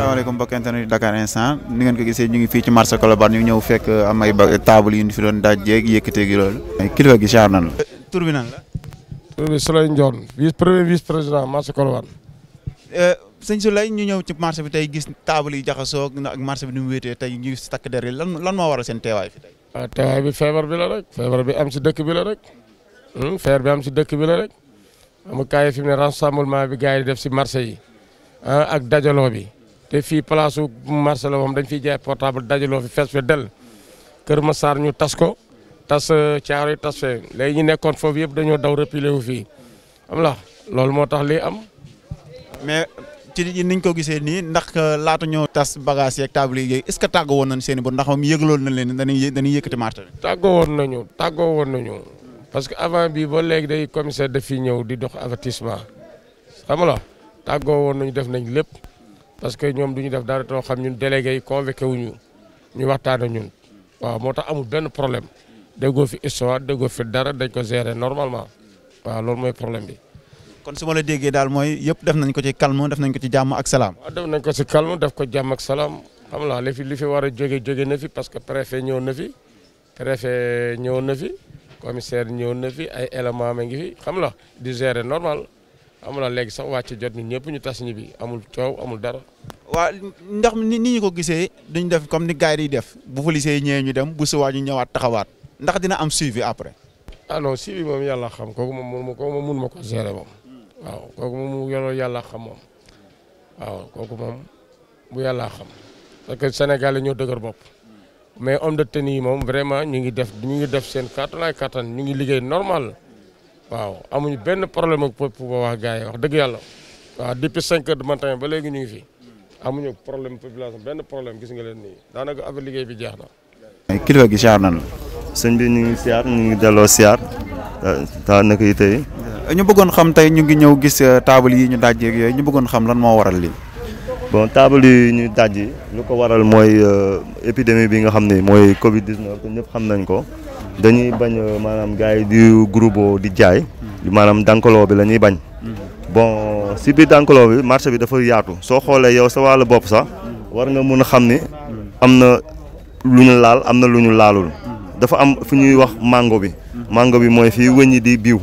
assalamualaikum mbokk internet Dakar instant ni ngeen ko gisee ñu ngi fii ci marché colobar ñu ñëw fekk am ay eh, table yu ñu fi doon dajjeeg iya yëkkatee gi loolu. Eh, kilifa gi jaar nan la. tur bi nan la. tur bi Souley Ndione vice premier vice président marché Colobane. Eh, sëñ Soulay ñu ñëw ci marché bi tay gis table yi jaxasoo ak marché bi ni mu wéetee tey ñu gis takk der yi lan lan mo waral seen téway fi tay téway bi feebar bi la rek. feebar bi am ci dëkk bi la rek. hmm feebar bi am ci dëkk bi la rek. am kaay fi ne rassemblement bi gaay def ci marché yi ak dajalo bi te fii place marché la moom dañ fiy jaay portable dajaloo fi fees fe del Kër Massar ñu tas ko tas euh, caaro yi tas fee léegi ñu nekkoon foofu yëpp dañoo daw replié wu fii am la loolu moo tax lii am. mais ci niñ ko gisee nii ndax euh, laata ñoo tas bagage yeeg table yi est ce que tàggoo woon nañ seen i bor ndax moom yëgaloon nañ leen dañuy dañuy yëkkati marché bi. tàggoo woon nañu tàggoo woon nañu parce que avant bii ba léegi day commissaire daf fi ñëw di dox avertissement xam nga tàggoo woon nañu def nañ lépp. parce que ñoom du ñu def dara too xam ñun délégué yi convoqué wuñu ñu waxtaan ak ñun waaw moo tax amul benn problème déggoo fi histoire déggoo fi dara dañ ko gérer normalement waaw loolu mooy problème bi. kon su ma la déggee daal mooy yëpp def nañ ko ci calme def nañ ko ci jàmm ak salaam. waaw def nañ ko ci calme def ko jàmm ak salaam xam nga li fi li fi war a jóge jóge na fi parce que préfet ñëw na fi préfet ñëw na fi commissaire ñëw na fi ay élément ma ngi xam la di gérer normal. amul léegi sax wàcc jot ñun ñëpp ñu tas bi amul coow amul dara. waa ndax ni ni ñu ko gisee duñ def comme ni gars yi def bu policiers yi ñëwee ñu dem bu subaa ñu ñëwaat taxawaat ndax dina am suivi après. ah non suivi moom yàlla xam kooku moom mun kooku moom mun ma ko gérer moom. waaw yàlla xam kooku moom bu yàlla xam parce que Sénégal yi ñoo dëgër bopp. mais om de tenue yi moom vraiment ñu ngi def ñu ngi def seen kattan ay kattan ñu ngi liggéey normal. waaw amuñu benn problème ak peuple ba wax gars yi wax dëgg yàlla waaw depuis cinq heures du matin ba léegi ñu ngi fi amuñu problème population benn problème gis nga leen nii daanaka affaire liggéey bi jeex na. kilifa gi siyaar nan la. sëñ bi ñu ngi siyaar ñu ngi delloo siyaar daanaka yi tey. Euh, ñu bëggoon xam tey ñu ngi ñëw gis euh, taabal yi ñu dajee ak ñu bëggoon xam lan moo waral lii. bon taabal yi ñu daj lu ko waral mooy euh, épidemi bi nga xam ne mooy Covid 19 ñëpp xam nañ ko. dañuy bañ euh, maanaam gars yi di groupe di jaay maanaam dankaloo bi la ñuy bañ mhm. bon si biir dankaloo bi marché bi dafa yaatu soo xoolee yow sa wàllu bopp sax mhm. war nga mun a xam ni mhm. am na lu ñu laal am na lu ñu laalul dafa am fu ñuy wax mango bi mango bi mooy fii wëññi di biiw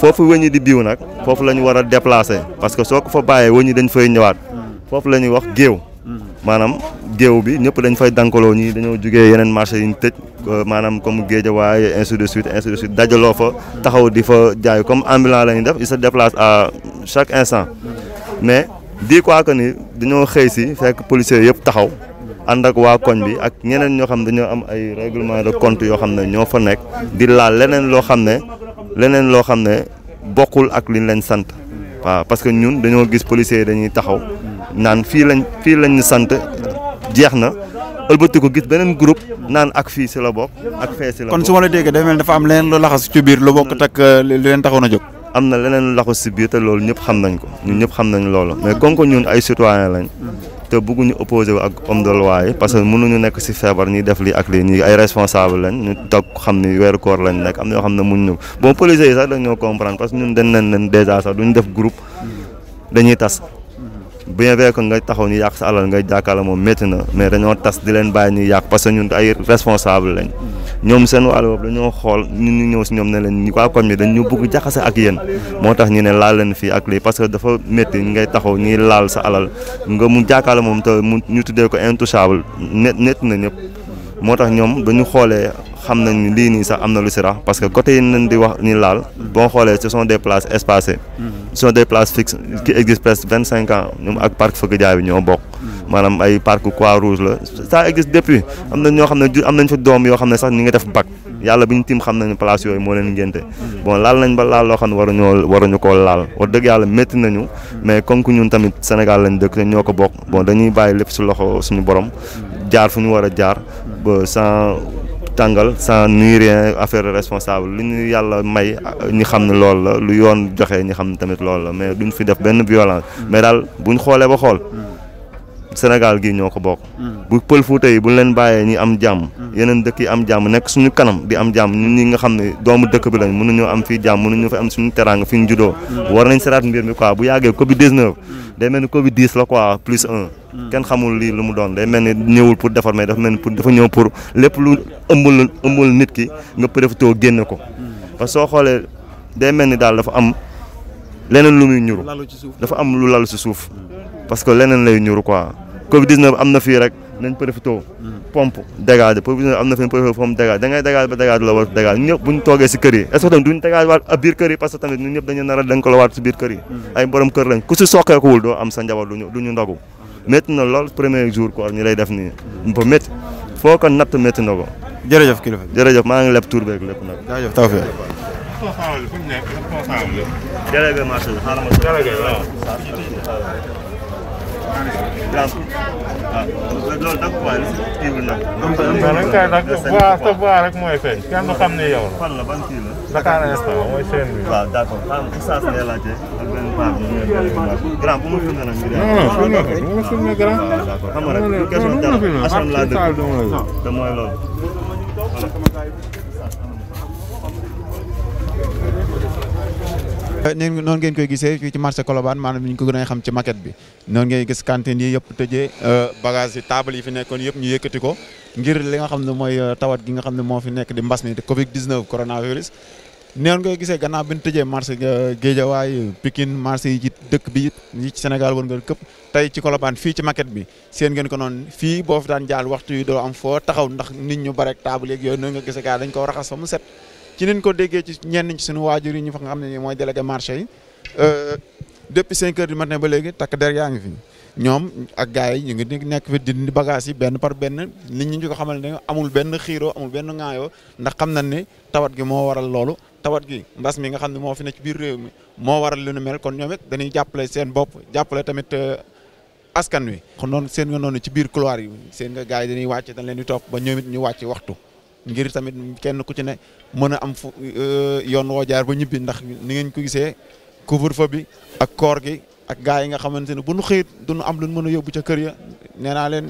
foofu wëññi di biiw nag foofu la ñu war a déplacer parce que soo ko fa bàyyee wëññi dañ fay ñëwaat foofu la ñuy wax géew maanaam géew bi ñëpp dañ fay dankaloo ñi dañoo jugee yeneen marché yi ñu tëj maanaam comme Guédiawaye ainsi de suite ainsi de suite dajaloo fa taxaw di fa jaay comme ambulant la ñuy def i sa déplace à chaque instant mais di ko que ni dañoo xëy si fekk policiers yëpp taxaw ànd ak waa koñ bi ak ñeneen ñoo xam ne dañoo am ay réglement de compte yoo xam ne ñoo fa nekk di laal leneen loo xam ne leneen loo xam ne bokkul ak liñ leen sant waaw parce que ñun dañoo gis policiers dañuy taxaw jeex na ëlbati ko gis beneen groupe naan ak fii si la bokk ak fee si la bokk kon su la déggee dafa mel dafa am leneen lu laxas ci biir lu bokk tak euh, li leen taxoon a jóg am na leneen lu laxas si biir te loolu ñëpp xam nañ ko ñun ñëpp xam nañ loolu mais kon ko ñun ay citoyen lañ te bëgguñu opposé wu ak homme de loi yi parce que mënuñu nekk si feebar ñuy def lii ak lii ñi ay responsable lañ ñu toog xam ni weeru koor lañ nekk am na yoo xam ne muñ ñu bon policiers yi sax dañoo comprendre parce que ñun dañ leen leen dèjà sax duñ dañuy tas bien vrai que nga taxaw ñu yàq sa alal ngay jàkkaarloo moom métti na mais dañoo tas di leen bàyyi ñuy yàq parce que ñun ay responsable lañ ñoom seen wàll boobu dañoo xool ñun ñu ñëw si ñoom ne leen ñu waa koñ bi dañ ñu bëgg jaxase ak yéen moo tax ñu ne laal leen fii ak lii parce que dafa métti ngay taxaw ñuy laal sa alal nga mu jàkkaarloo moom te mu ñu tuddee ko intouchable net net na ñëpp moo tax ñoom ba ñu xoolee xam nañ ni lii nii sax am na lu si rax parce que côté yi nañ di wax ni laal boo xoolee ce sont des places espacées mm-hmm. soo des places fixes qui existent presque vingt cinq ans ñoom ak parc Fëgg Jaay bi ñoo bokk. maanaam ay parc croix rouge la ça existe depuis am na ñoo xam ne am nañ fa doom yoo xam ne sax ñi ngi def bac yàlla bi ñu tim xam nañu place yooyu moo leen ngénte bon laal nañ ba laal loo xam ne waruñoo ñu koo laal wax dëgg yàlla métti nañu mais comme que ñun tamit Sénégal lañ dëkk ñoo ko bokk bon dañuy bàyyi lépp si loxo suñu borom jaar fu ñu war a jaar ba sans tàngal sans nuy rien affaire responsable li ñu yàlla may ñi xam ne lool la lu yoon joxe ñi xam ne tamit loolu la mais duñ fi def benn violence mais daal buñ xoolee ba xool Sénégal gii ñoo ko bokk. Mm. bu pël Fuuta yi bu leen bàyyee ñi am jàmm. Mm. yeneen dëkk yi am jàmm nekk suñu kanam bi am jàmm ñun ñi nga xam ne doomu dëkk bi lañ mënuñoo am fii jàmm mënuñu fa am suñu teraanga fi ñu juddoo. Mm. war nañ saraat mbir mi quoi bu yàggee Covid 19. day mel ni Covid 10 la quoi plus un. kenn xamul lii lu mu doon day mel ni ñëwul pour defar mais dafa mel pour dafa ñëw pour lépp lu ëmbul ëmbul nit ki nga profité ko. parce que soo xoolee day mel ni daal dafa am leneen lu muy ñuru dafa am lu lalu ci suuf parce que leneen lay ñuru quoi Covid 19 am na fii rek nañ profité hmm. pompe dégagé provision am na fi profité pompe dégagé da ngay dégagé ba dégagé la war dégagé ñun ñëpp buñ toogee si kër yi est-ce que tamit duñ tamit ñun ñëpp dañu nar a dénk la si biir kër yi hmm. ay borom kër lañ ku si sokkeekuwul doo am sa njaboot duñu duñu ndogu métti na lool premier jour koor ñu lay def nii ba métti foo ko natt métti na ko jërëjëf kilifa jërëjëf maa ngi leb tur ma loolu da nga ko waaye li si jiw nag. sa voix rek mooy feeñ. kenn xam ne yow la. fan la ban kii la. bu ma filmé nag. non non bu ma filmé grand. waaw d' accord Eh, neen noonu ngeen koy gisee fii ci marché Colobane maanaam ñu ko gën a xam ci maquette bi noonu ngeen gis cantine yi yëpp tëjee eh, bagage yi table yi fi nekkoon yëpp ñu yëkkati ko ngir li nga xam ne mooy eh, tawat gi nga xam ne moo fi nekk di mbas mi di Covid 19 coronavirus. noonu ngay gisee gannaaw bi ñu tëjee marché Guédiawaye Pikine marché yi ci dëkk bi yi ci Sénégal woon ngeen këpp tey ci Colobane fii ci maquette bi seen ngeen ko noon fii boo fi daan jaal waxtu yi doo am foo taxaw ndax nit ñu bare ak table yeeg yooyu noonu nga gisee gars dañ ko raxas fa mu set ci niñ ko déggee ci ñenn ñi suñu waajur yi ñu fa nga xam ne nii mooy délégué marché yi euh, depuis cinq heures du matin ba léegi takk der yaa ngi fi ñoom ak gars yi ñu ngi nekk fi di bagage yi benn par benn nit ñi ñu ko xamal ne amul benn xiiroo amul benn ŋaayoo ndax xam nañ ni tawat gi moo waral loolu tawat gi mbas mi nga xam ne moo fi ne ci biir réew mi moo waral lu nu mel kon ñoom it dañuy jàppale seen bopp jàppale tamit euh, askan wi. kon noonu seen nga noonu ci biir couloir seen nga yi dañuy wàcc dañ leen di topp ba ñoom it ñu waxtu. ngir tamit kenn ku ci ne mën a am fu euh, yoon woo jaar ba ñibbi ndax ni ngeen ko gisee couvre-feu bi ak koor gi ak gaa yi nga xamante ne bu nu xëyit du nu am lu nu mën a yóbbu ca kër ya nee naa leen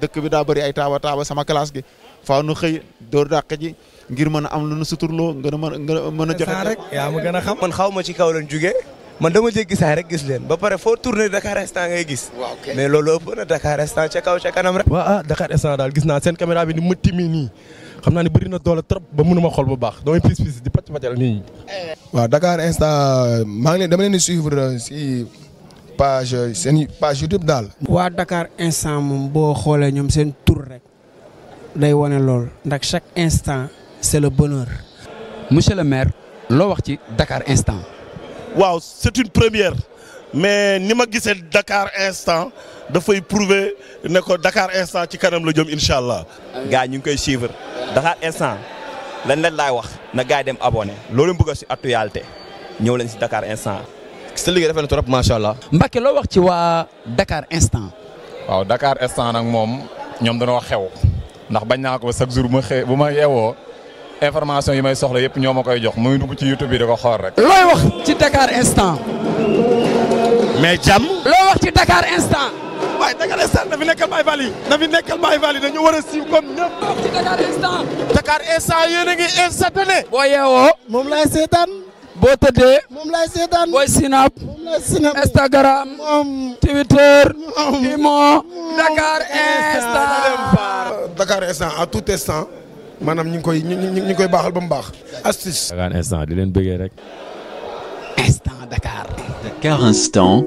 dëkk bi daa bëri ay taaba taaba sama classe gi faaw nu xëy door dàq ji ngir mën a am lu nu suturloo ngën a mën a mën a joxe rek yaa ma gën a xam man xaw ma ci kaw leen jugee man dama jéggi saay rek gis leen ba pare foo tourné Dakar instant ngay gis. mais loolu ëpp na Dakar instant ca kaw ca kanam rek. waaw ah Dakar naa seen caméra bi ni mëtti mi nii xamna ni bari na doole trop ba mënuma xol bu baax damay pis pis di pàcc pàccal nit ñi. waaw Dakar instant maa ngi dama leen di suivre si page seen page YouTube dal waa Dakar instant moom bo xolé ñoom sen tour rek day wane lool ndax chaque instant c'est le bonheur. monsieur le maire lo wax ci Dakar instant. waaw c'est une première mais ni ma gisee Dakar instant da fay prouver ne ko Dakar instant ci kanam la jëm inshallah allah. ñu ngi koy suivre. Dakar instant lañ leen laay wax na gars dem abone loolu bëgg si actualité ñëw leen si dakaar instant. sa liggéey rafet na trop macha allah. Mbacke loo wax ci waa Dakar instant. waaw dakaar instant nag moom ñoom danoo xew ndax bañ naa ko chaque jour bu ma xee bu ma yeewoo information yi may soxla yëpp ñoo ma koy jox muy dugg ci YouTube bi da ko xool rek. looy wax ci Dakar instant. mais jàmm. loo wax ci Dakar instant. waay da nga ne Sall na fi nekkal Baye Fall yi na fi nekkal Baye Fall dañu war a comme ñëpp. Dakar instant. Dakar instant yéen a ngi instantané. boo yeewoo. moom laay seetaan. boo tëddee. moom laay seetaan. booy sinap. moom laay sinap Instagram. moom Twitter. moom Dakar instant. Dakar instant à tout instant. manam ñu ngi koy ñu koy baaxal ba baax. astuce. Dakar instant di leen bëggee rek. instant Dakar. Dakar instant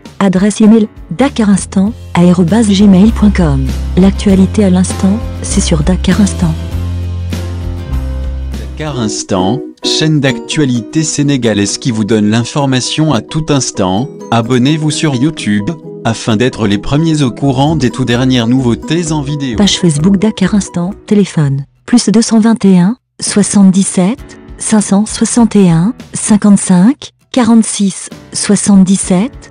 Adresse email gmail.com. L'actualité à l'instant, c'est sur Dakar Instant. Dakar Instant, chaîne d'actualité sénégalaise qui vous donne l'information à tout instant. Abonnez-vous sur YouTube afin d'être les premiers au courant des tout dernières nouveautés en vidéo. Page Facebook Dakar Instant, téléphone, plus 221, 77, 561, 55, 46, 77,